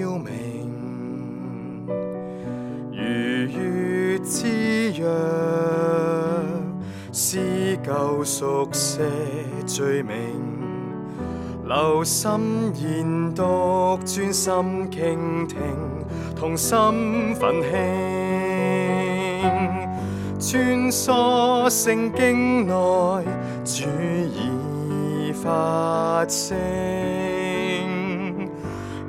照明，如月之約，思舊贖些罪名，留心研讀，專心傾聽，同心奮興，穿梭聖經內，主已發聲。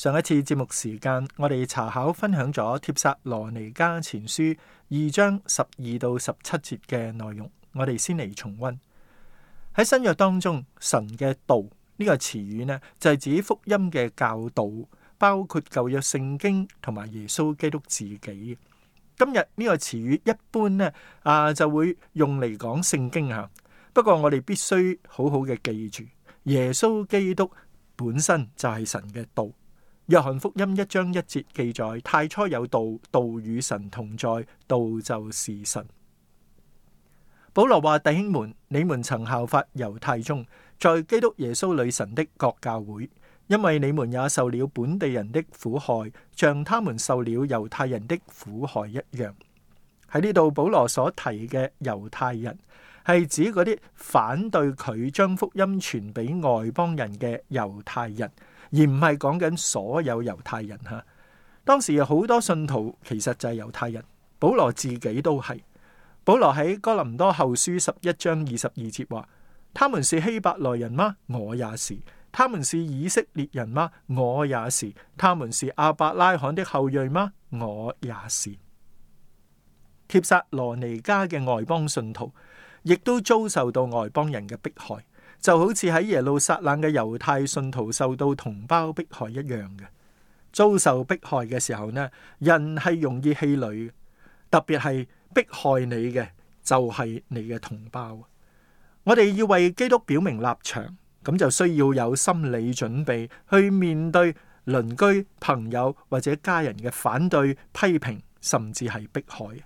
上一次節目時間，我哋查考分享咗帖撒羅尼迦前書二章十二到十七節嘅內容。我哋先嚟重溫。喺新約當中，神嘅道呢個詞語呢，就係指福音嘅教導，包括舊約聖經同埋耶穌基督自己。今日呢個詞語一般呢，啊，就會用嚟講聖經吓。不過我哋必須好好嘅記住，耶穌基督本身就係神嘅道。約翰福音一章一節記載：太初有道，道與神同在，道就是神。保羅話弟兄們：你們曾效法猶太中，在基督耶穌裏神的國教會，因為你們也受了本地人的苦害，像他們受了猶太人的苦害一樣。喺呢度，保羅所提嘅猶太人，係指嗰啲反對佢將福音傳俾外邦人嘅猶太人。而唔係講緊所有猶太人吓，當時又好多信徒其實就係猶太人，保羅自己都係。保羅喺哥林多後書十一章二十二節話：他們是希伯來人嗎？我也是。他們是以色列人嗎？我也是。他們是阿伯拉罕的後裔嗎？我也是。帖撒羅尼加嘅外邦信徒，亦都遭受到外邦人嘅迫害。就好似喺耶路撒冷嘅猶太信徒受到同胞迫害一樣嘅，遭受迫害嘅時候呢，人係容易氣餒嘅，特別係迫害你嘅就係你嘅同胞。我哋要為基督表明立場，咁就需要有心理準備去面對鄰居、朋友或者家人嘅反對、批評，甚至係迫害。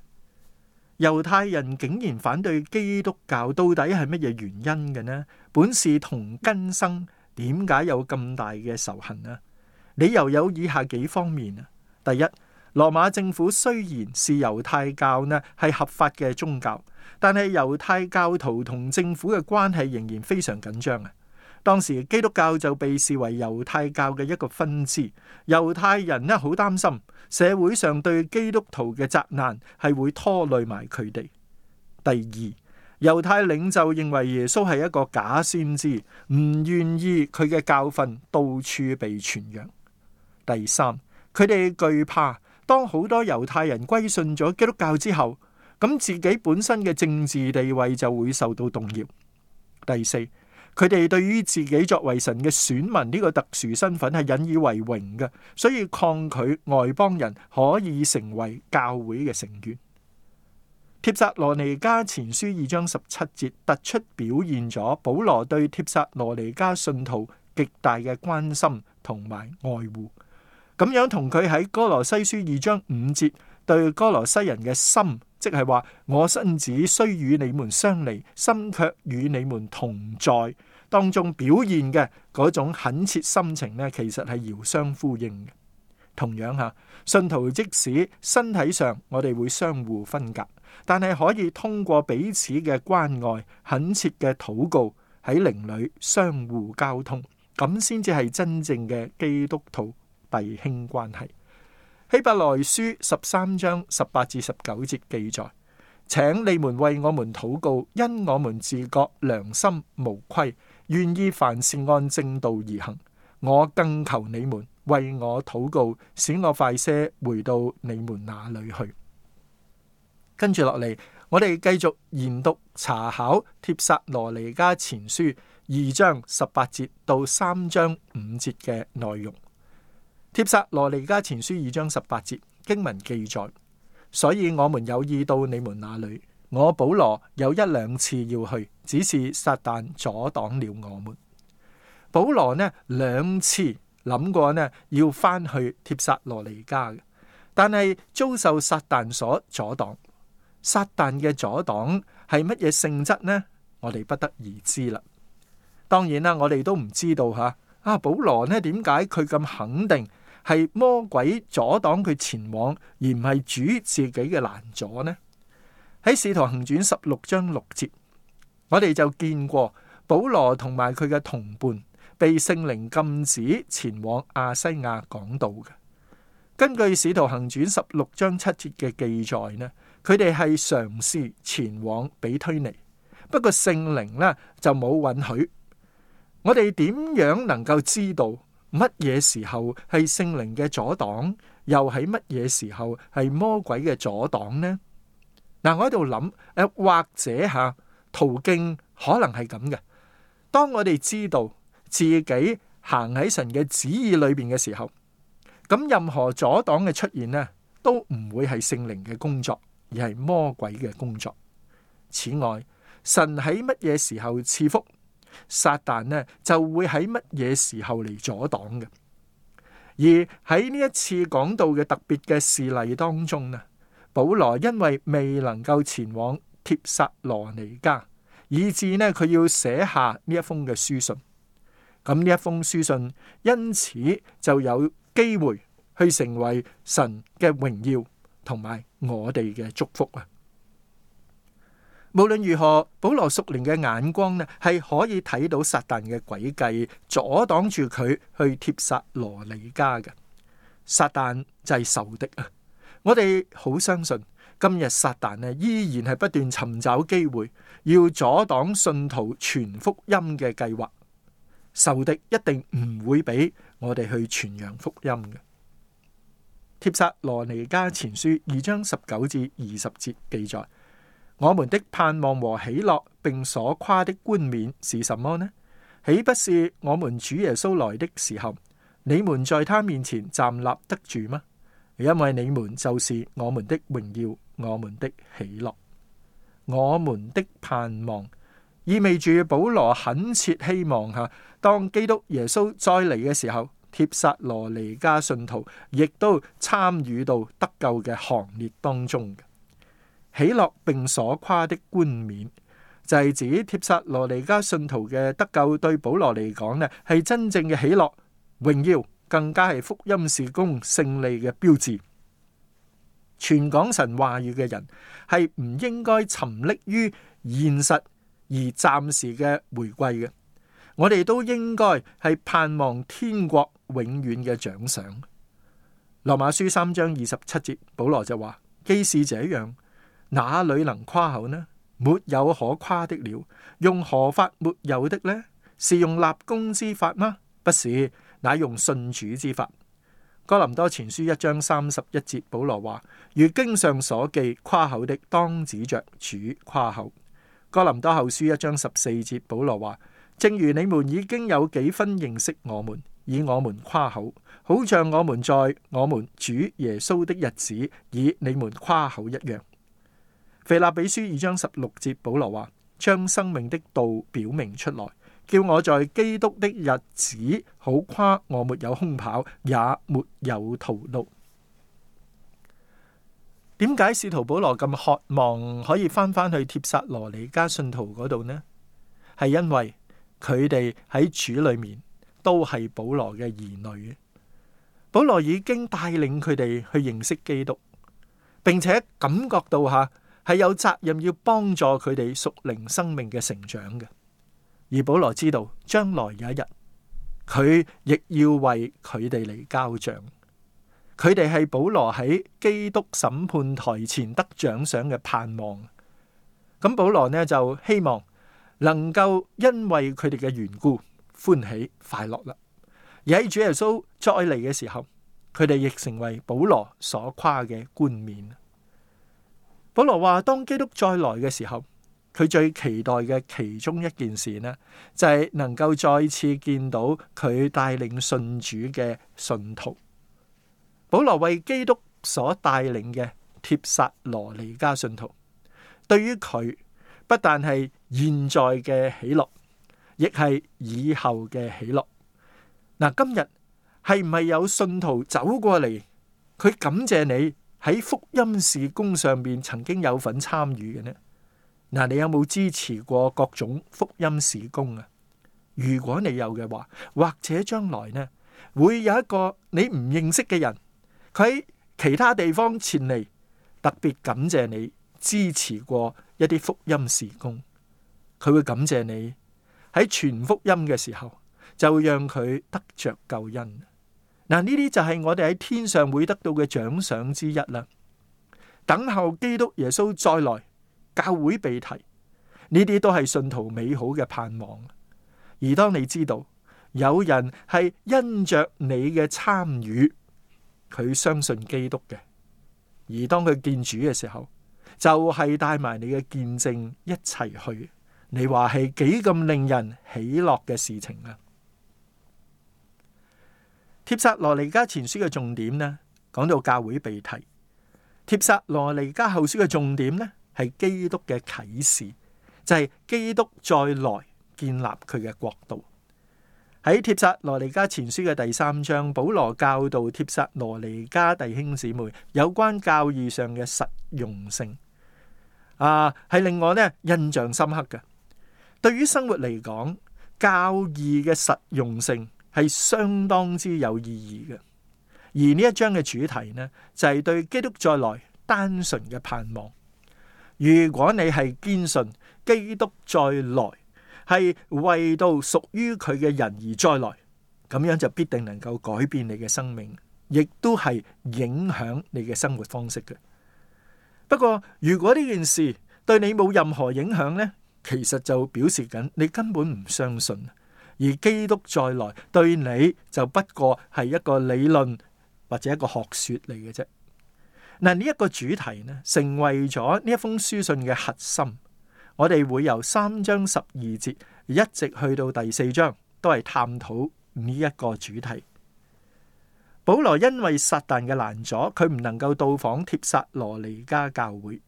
猶太人竟然反對基督教，到底係乜嘢原因嘅呢？本是同根生，點解有咁大嘅仇恨呢？理由有以下幾方面啊。第一，羅馬政府雖然視猶太教呢係合法嘅宗教，但係猶太教徒同政府嘅關係仍然非常緊張啊。當時基督教就被視為猶太教嘅一個分支，猶太人呢好擔心社會上對基督徒嘅責難係會拖累埋佢哋。第二，猶太領袖認為耶穌係一個假先知，唔願意佢嘅教訓到處被傳揚。第三，佢哋懼怕當好多猶太人歸信咗基督教之後，咁自己本身嘅政治地位就會受到動搖。第四。佢哋對於自己作為神嘅選民呢個特殊身份係引以為榮嘅，所以抗拒外邦人可以成為教會嘅成員。帖撒羅尼迦前書二章十七節突出表現咗保羅對帖撒羅尼迦信徒極大嘅關心同埋愛護，咁樣同佢喺哥羅西書二章五節對哥羅西人嘅心，即係話我身子雖與你們相離，心卻與你們同在當中表現嘅嗰種懇切心情咧，其實係遙相呼應嘅。同樣吓，信徒即使身體上我哋會相互分隔，但係可以通過彼此嘅關愛、懇切嘅禱告喺靈裏相互交通，咁先至係真正嘅基督徒弟兄關係。希伯來書十三章十八至十九節記載，請你們為我們禱告，因我們自覺良心無虧，願意凡事按正道而行。我更求你們為我禱告，使我快些回到你們那裡去。跟住落嚟，我哋繼續研讀查考帖撒羅尼加前書二章十八節到三章五節嘅內容。帖撒羅尼迦前書二章十八節經文記載，所以我們有意到你們那裏。我保羅有一兩次要去，只是撒旦阻擋了我們。保羅呢兩次諗過呢，要翻去帖撒羅尼迦嘅，但係遭受撒旦所阻擋。撒旦嘅阻擋係乜嘢性質呢？我哋不得而知啦。當然啦，我哋都唔知道吓。啊，保羅呢，點解佢咁肯定？係魔鬼阻擋佢前往，而唔係主自己嘅攔阻呢？喺使徒行傳十六章六節，我哋就見過保羅同埋佢嘅同伴被聖靈禁止前往亞西亞講道嘅。根據使徒行傳十六章七節嘅記載呢，佢哋係嘗試前往比推尼，不過聖靈呢，就冇允許。我哋點樣能夠知道？乜嘢時候係聖靈嘅阻擋，又喺乜嘢時候係魔鬼嘅阻擋呢？嗱，我喺度諗，誒，或者吓途徑可能係咁嘅。當我哋知道自己行喺神嘅旨意裏邊嘅時候，咁任何阻擋嘅出現呢，都唔會係聖靈嘅工作，而係魔鬼嘅工作。此外，神喺乜嘢時候賜福？撒但呢就會喺乜嘢時候嚟阻擋嘅？而喺呢一次講到嘅特別嘅事例當中呢，保羅因為未能夠前往帖撒羅尼加，以致呢佢要寫下呢一封嘅書信。咁呢一封書信，因此就有機會去成為神嘅榮耀同埋我哋嘅祝福啊！無論如何，保羅熟練嘅眼光呢，係可以睇到撒旦嘅詭計，阻擋住佢去貼殺羅尼加嘅。撒旦就係仇敵啊！我哋好相信今日撒旦呢，依然係不斷尋找機會，要阻擋信徒傳福音嘅計劃。仇敵一定唔會俾我哋去傳揚福音嘅。貼殺羅尼加前書二章十九至二十節記載。我們的盼望和喜樂，並所誇的冠冕是什麼呢？豈不是我們主耶穌來的時候，你們在他面前站立得住嗎？因為你們就是我們的榮耀，我們的喜樂，我們的盼望。意味住保羅懇切希望吓，當基督耶穌再嚟嘅時候，帖撒羅尼迦信徒亦都參與到得救嘅行列當中。喜樂並所誇的冠冕，就係指帖撒羅尼加信徒嘅得救。對保羅嚟講咧，係真正嘅喜樂、榮耀，更加係福音事工勝利嘅標誌。全港神話語嘅人係唔應該沉溺於現實而暫時嘅回歸嘅。我哋都應該係盼望天國永遠嘅獎賞。羅馬書三章二十七節，保羅就話：既是這樣。哪裡能誇口呢？沒有可誇的了。用何法沒有的呢？是用立功之法嗎？不是，乃用信主之法。哥林多前書一章三十一節，保羅話：如經上所記，誇口的當指着主誇口。哥林多後書一章十四節，保羅話：正如你們已經有幾分認識我們，以我們誇口，好像我們在我們主耶穌的日子，以你們誇口一樣。腓立比書二章十六節，保羅話：將生命的道表明出來，叫我在基督的日子好誇。我沒有空跑，也沒有徒勞。點解使徒保羅咁渴望可以翻返去帖撒羅尼加信徒嗰度呢？係因為佢哋喺主裏面都係保羅嘅兒女。保羅已經帶領佢哋去認識基督，並且感覺到吓。係有責任要幫助佢哋屬靈生命嘅成長嘅，而保羅知道將來有一日，佢亦要為佢哋嚟交賬。佢哋係保羅喺基督審判台前得獎賞嘅盼望。咁保羅呢就希望能夠因為佢哋嘅緣故歡喜快樂啦。而喺主耶穌再嚟嘅時候，佢哋亦成為保羅所誇嘅冠冕。保羅話：當基督再來嘅時候，佢最期待嘅其中一件事呢，就係能夠再次見到佢帶領信主嘅信徒。保羅為基督所帶領嘅帖撒羅尼加信徒，對於佢不但係現在嘅喜樂，亦係以後嘅喜樂。嗱，今日係唔係有信徒走過嚟？佢感謝你。喺福音事工上面曾經有份參與嘅呢？嗱，你有冇支持過各種福音事工啊？如果你有嘅話，或者將來呢，會有一個你唔認識嘅人，佢喺其他地方前嚟，特別感謝你支持過一啲福音事工，佢會感謝你喺傳福音嘅時候，就會讓佢得着救恩。嗱，呢啲就係我哋喺天上會得到嘅獎賞之一啦。等候基督耶穌再來，教會被提，呢啲都係信徒美好嘅盼望。而當你知道有人係因着你嘅參與，佢相信基督嘅，而當佢見主嘅時候，就係帶埋你嘅見證一齊去。你話係幾咁令人喜樂嘅事情啊！帖撒羅尼迦前書嘅重點呢，講到教會被提；帖撒羅尼迦後書嘅重點呢，係基督嘅啟示，就係、是、基督再來建立佢嘅國度。喺帖撒羅尼迦前書嘅第三章，保羅教導帖撒羅尼迦弟兄姊妹有關教義上嘅實用性，啊，係令我呢印象深刻嘅。對於生活嚟講，教義嘅實用性。係相當之有意義嘅，而呢一章嘅主題呢，就係對基督再來單純嘅盼望。如果你係堅信基督再來係為到屬於佢嘅人而再來，咁樣就必定能夠改變你嘅生命，亦都係影響你嘅生活方式嘅。不過，如果呢件事對你冇任何影響呢，其實就表示緊你根本唔相信。而基督再來對你就不過係一個理論或者一個學說嚟嘅啫。嗱，呢一個主題呢，成為咗呢一封書信嘅核心。我哋會由三章十二節一直去到第四章，都係探討呢一個主題。保羅因為撒但嘅攔阻，佢唔能夠到訪帖撒羅尼加教會，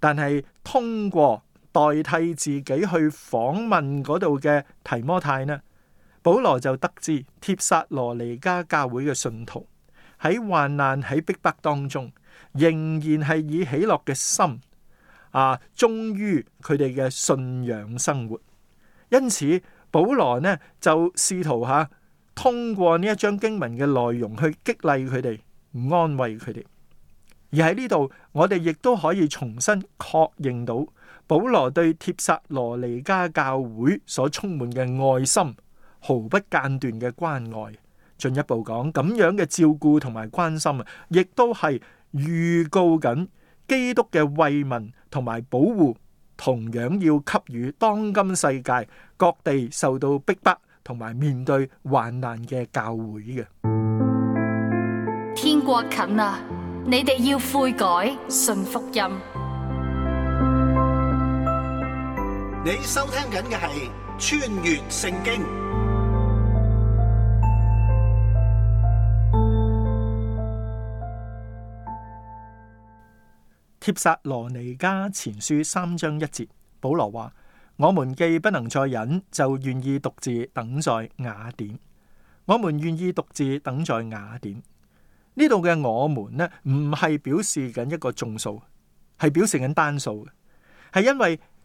但係通過。代替自己去訪問嗰度嘅提摩太呢？保羅就得知帖撒羅尼迦教會嘅信徒喺患難喺逼迫當中，仍然係以喜樂嘅心啊，忠於佢哋嘅信仰生活。因此，保羅呢就試圖吓通過呢一張經文嘅內容去激勵佢哋，安慰佢哋。而喺呢度，我哋亦都可以重新確認到。保羅對帖撒羅尼加教會所充滿嘅愛心，毫不間斷嘅關愛，進一步講咁樣嘅照顧同埋關心啊，亦都係預告緊基督嘅慰問同埋保護，同樣要給予當今世界各地受到逼迫同埋面對患難嘅教會嘅。天國近啦，你哋要悔改，信福音。你收聽緊嘅係穿越聖經。帖撒羅尼迦前書三章一節，保羅話：我們既不能再忍，就願意獨自等在雅典。我們願意獨自等在雅典。呢度嘅我們咧，唔係表示緊一個眾數，係表示緊單數嘅，係因為。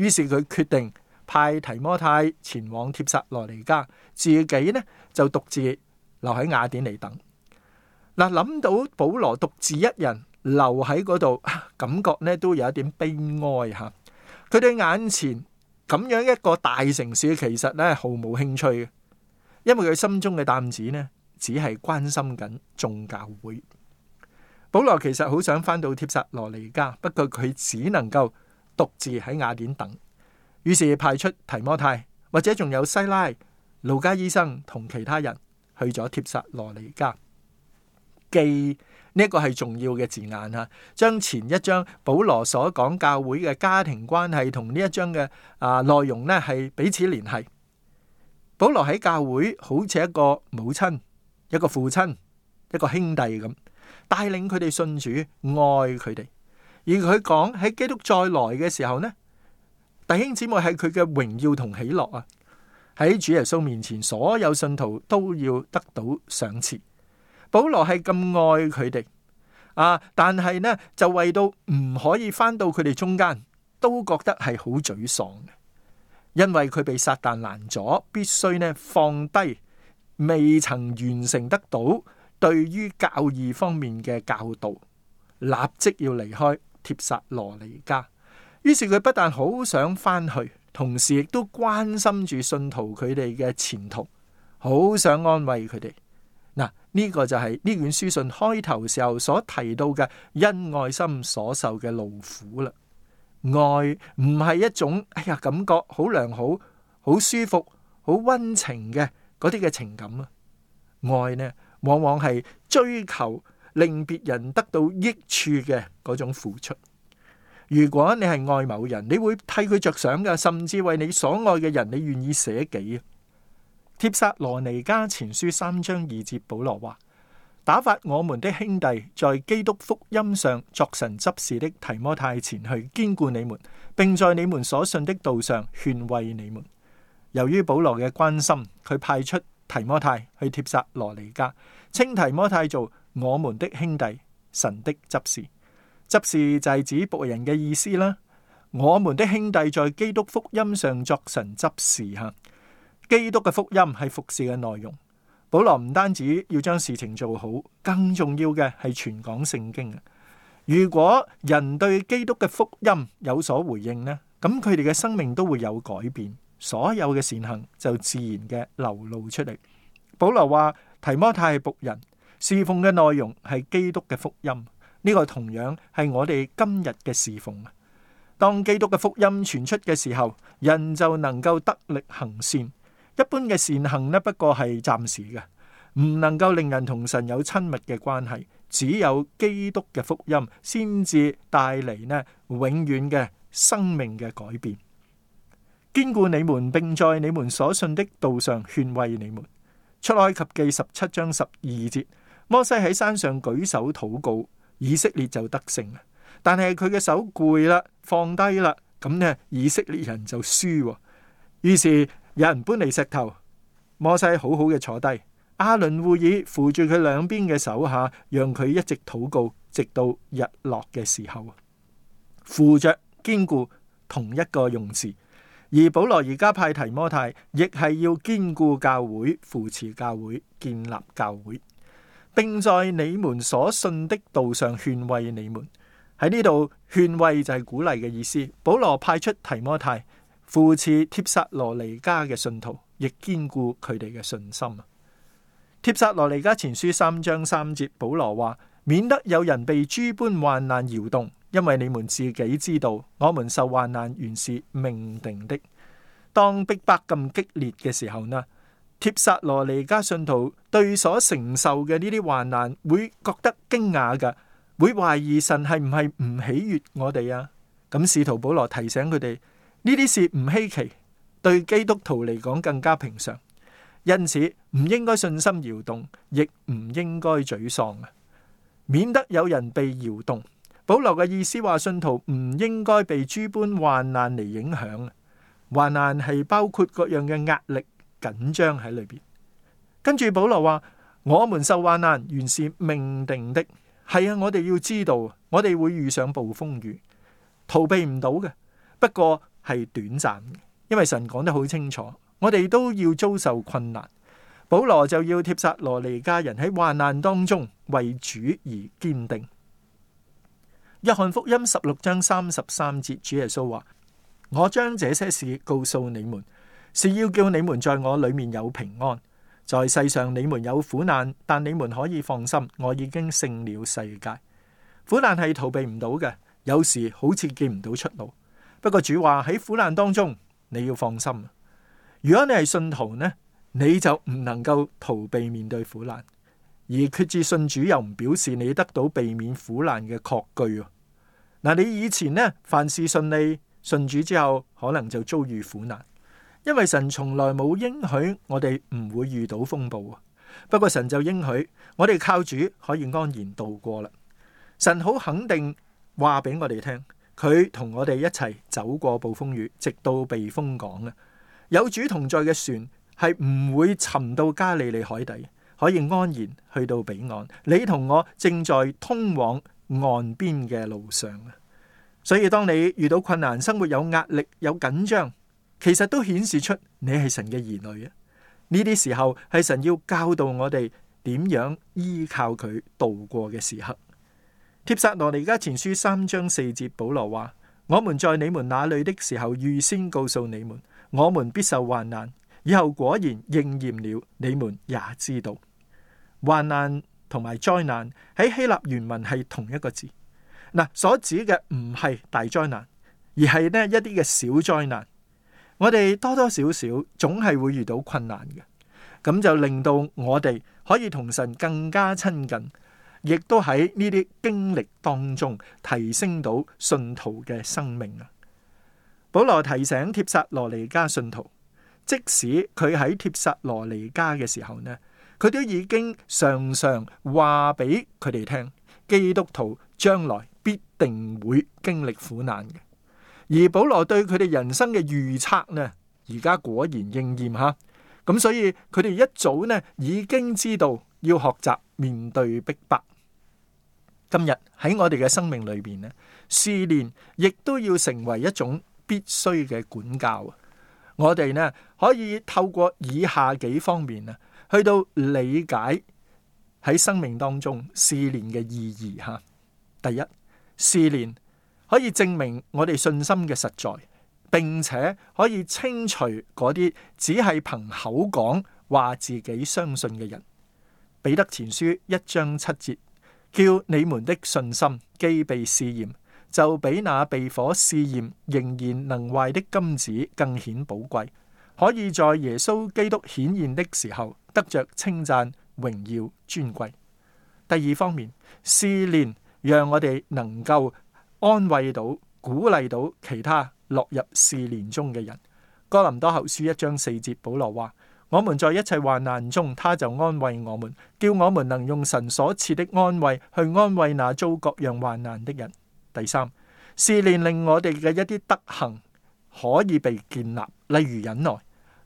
於是佢決定派提摩太前往帖撒羅尼加，自己呢就獨自留喺雅典嚟等。嗱，諗到保羅獨自一人留喺嗰度，感覺呢都有一點悲哀吓。佢對眼前咁樣一個大城市其實呢毫無興趣，因為佢心中嘅擔子呢只係關心緊眾教會。保羅其實好想翻到帖撒羅尼加，不過佢只能夠。獨自喺雅典等，於是派出提摩太，或者仲有西拉、路加醫生同其他人去咗帖撒羅尼迦。記，呢個係重要嘅字眼啊！將前一章保羅所講教會嘅家庭關係同呢一章嘅，啊，內容咧，係彼此聯繫。保羅喺教會好似一個母親、一個父親、一個兄弟咁，帶領佢哋信主、愛佢哋。而佢講喺基督再來嘅時候呢，弟兄姊妹係佢嘅榮耀同喜樂啊！喺主耶穌面前，所有信徒都要得到賞賜。保羅係咁愛佢哋啊，但係呢就為到唔可以返到佢哋中間，都覺得係好沮喪嘅，因為佢被撒但攔咗，必須呢放低未曾完成得到對於教義方面嘅教導，立即要離開。帖撒羅尼迦，於是佢不但好想返去，同時亦都關心住信徒佢哋嘅前途，好想安慰佢哋。嗱，呢個就係呢卷書信開頭時候所提到嘅因愛心所受嘅勞苦啦。愛唔係一種哎呀感覺好良好、好舒服、好溫情嘅嗰啲嘅情感啊，愛呢往往係追求令別人得到益處嘅嗰種付出。如果你係愛某人，你會替佢着想噶，甚至為你所愛嘅人，你願意捨己啊。帖撒羅尼迦前書三章二節，保羅話：打發我們的兄弟在基督福音上作神執事的提摩太前去，堅固你們，並在你們所信的道上勸慰你們。由於保羅嘅關心，佢派出提摩太去帖撒羅尼迦，稱提摩太做。我們的兄弟，神的執事，執事就係指僕人嘅意思啦。我們的兄弟在基督福音上作神執事吓，基督嘅福音係服侍嘅內容。保羅唔單止要將事情做好，更重要嘅係傳講聖經。如果人對基督嘅福音有所回應呢，咁佢哋嘅生命都會有改變，所有嘅善行就自然嘅流露出嚟。保羅話提摩太係僕人。侍奉嘅內容係基督嘅福音，呢個同樣係我哋今日嘅侍奉。當基督嘅福音傳出嘅時候，人就能夠得力行善。一般嘅善行呢，不過係暫時嘅，唔能夠令人同神有親密嘅關係。只有基督嘅福音先至帶嚟呢永遠嘅生命嘅改變。堅固你們，並在你們所信的道上勸慰你們。出埃及記十七章十二節。摩西喺山上舉手禱告，以色列就得勝。但係佢嘅手攰啦，放低啦，咁呢？以色列人就輸。於是有人搬嚟石頭，摩西好好嘅坐低，阿倫戶珥扶住佢兩邊嘅手下，讓佢一直禱告，直到日落嘅時候。扶着，堅固同一個用詞，而保羅而家派提摩太，亦係要堅固教會、扶持教會、建立教會。並在你們所信的道上勸慰你們，喺呢度勸慰就係鼓勵嘅意思。保羅派出提摩太扶持帖撒羅尼加嘅信徒，亦兼顧佢哋嘅信心。帖撒羅尼加前書三章三節，保羅話：免得有人被諸般患難搖動，因為你們自己知道，我們受患難原是命定的。當逼迫咁激烈嘅時候呢？帖撒羅尼迦信徒對所承受嘅呢啲患難會覺得驚訝嘅，會懷疑神係唔係唔喜悅我哋啊？咁使徒保羅提醒佢哋，呢啲事唔稀奇，對基督徒嚟講更加平常，因此唔應該信心搖動，亦唔應該沮喪啊！免得有人被搖動。保羅嘅意思話，信徒唔應該被諸般患難嚟影響。患難係包括各樣嘅壓力。緊張喺裏邊，跟住保羅話：我們受患難，原是命定的。係啊，我哋要知道，我哋會遇上暴風雨，逃避唔到嘅。不過係短暫嘅，因為神講得好清楚，我哋都要遭受困難。保羅就要帖撒羅尼迦人喺患難當中為主而堅定。約翰福音十六章三十三節，主耶穌話：我將這些事告訴你們。是要叫你們在我裏面有平安，在世上你們有苦難，但你們可以放心，我已經勝了世界。苦難係逃避唔到嘅，有時好似見唔到出路。不過主話喺苦難當中，你要放心。如果你係信徒呢，你就唔能夠逃避面對苦難，而決志信主又唔表示你得到避免苦難嘅確據。嗱，你以前呢凡事順利，信主之後可能就遭遇苦難。因為神從來冇應許我哋唔會遇到風暴啊，不過神就應許我哋靠主可以安然度過啦。神好肯定話俾我哋聽，佢同我哋一齊走過暴風雨，直到避風港啊！有主同在嘅船係唔會沉到加利利海底，可以安然去到彼岸。你同我正在通往岸邊嘅路上啊！所以當你遇到困難、生活有壓力、有緊張，其實都顯示出你係神嘅兒女啊。呢啲時候係神要教導我哋點樣依靠佢度過嘅時刻。帖撒羅尼迦前書三章四節，保羅話：我們在你們那裡的時候，預先告訴你們，我們必受患難。以後果然應驗了，你們也知道。患難同埋災難喺希臘原文係同一個字。嗱，所指嘅唔係大災難，而係呢一啲嘅小災難。我哋多多少少總係會遇到困難嘅，咁就令到我哋可以同神更加親近，亦都喺呢啲經歷當中提升到信徒嘅生命啊！保羅提醒帖撒羅尼加信徒，即使佢喺帖撒羅尼加嘅時候呢，佢都已經常常話俾佢哋聽，基督徒將來必定會經歷苦難嘅。而保羅對佢哋人生嘅預測呢，而家果然應驗吓。咁所以佢哋一早呢已經知道要學習面對逼迫。今日喺我哋嘅生命裏邊呢，試煉亦都要成為一種必須嘅管教。我哋呢可以透過以下幾方面啊，去到理解喺生命當中試煉嘅意義吓。第一，試煉。可以證明我哋信心嘅實在，並且可以清除嗰啲只係憑口講話自己相信嘅人。彼得前書一章七節，叫你們的信心既被試驗，就比那被火試驗仍然能壞的金子更顯寶貴，可以在耶穌基督顯現的時候得着稱讚、榮耀、尊貴。第二方面，試煉讓我哋能夠。安慰到、鼓勵到其他落入試煉中嘅人。哥林多後書一章四節，保羅話：我們在一切患難中，他就安慰我們，叫我們能用神所賜的安慰去安慰那遭各樣患難的人。第三，試煉令我哋嘅一啲德行可以被建立，例如忍耐。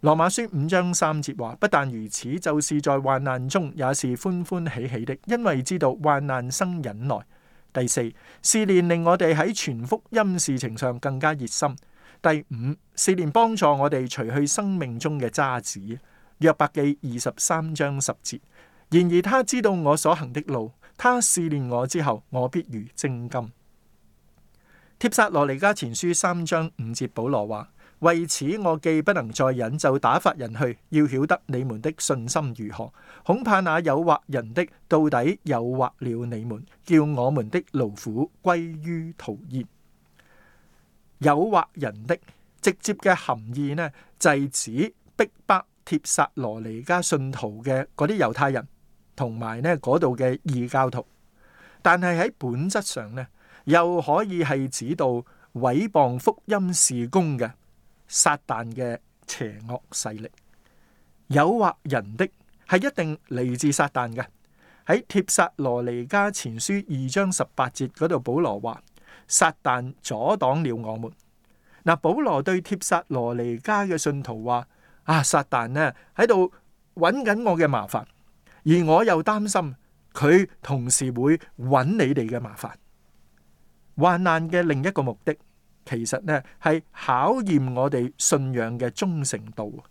羅馬書五章三節話：不但如此，就是在患難中也是歡歡喜喜的，因為知道患難生忍耐。第四，試煉令我哋喺全福音事情上更加熱心。第五，試煉幫助我哋除去生命中嘅渣子。約伯記二十三章十節，然而他知道我所行的路，他試煉我之後，我必如精金。帖撒羅尼迦前書三章五節，保羅話。為此，我既不能再忍就打發人去，要曉得你們的信心如何。恐怕那誘惑人的到底誘惑了你們，叫我們的勞苦歸於徒然。誘惑人的直接嘅含義呢，就係指逼迫帖撒羅尼迦信徒嘅嗰啲猶太人同埋呢嗰度嘅異教徒，但係喺本質上呢，又可以係指到毀謗福音事工嘅。撒但嘅邪惡勢力，誘惑人的，係一定嚟自撒但嘅。喺帖撒羅尼加前書二章十八節嗰度，保羅話：撒但阻擋了我們。嗱，保羅對帖撒羅尼加嘅信徒話：啊，撒但呢喺度揾緊我嘅麻煩，而我又擔心佢同時會揾你哋嘅麻煩。患難嘅另一個目的。其實咧，係考驗我哋信仰嘅忠誠度啊。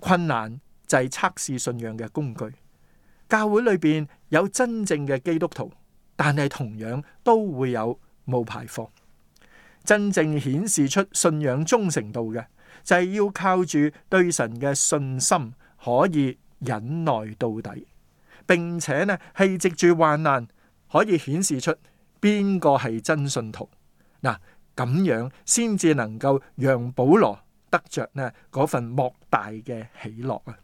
困難就係測試信仰嘅工具。教會裏邊有真正嘅基督徒，但係同樣都會有冇牌坊。真正顯示出信仰忠誠度嘅就係、是、要靠住對神嘅信心，可以忍耐到底，並且呢，係藉住患難，可以顯示出邊個係真信徒嗱。咁樣先至能夠讓保羅得着呢嗰份莫大嘅喜樂啊！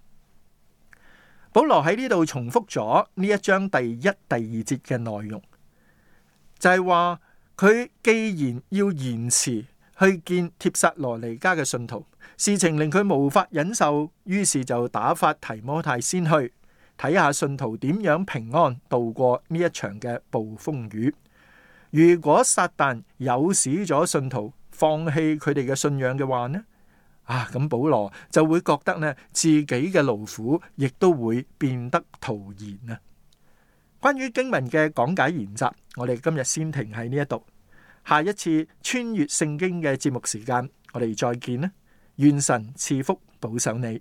保羅喺呢度重複咗呢一章第一、第二節嘅內容，就係話佢既然要延遲去見帖撒羅尼加嘅信徒，事情令佢無法忍受，於是就打發提摩太先去睇下信徒點樣平安度過呢一場嘅暴風雨。如果撒但誘使咗信徒放棄佢哋嘅信仰嘅話呢？啊，咁保羅就會覺得呢自己嘅勞苦亦都會變得徒然啊！關於經文嘅講解研習，我哋今日先停喺呢一度。下一次穿越聖經嘅節目時間，我哋再見啦！願神賜福保守你。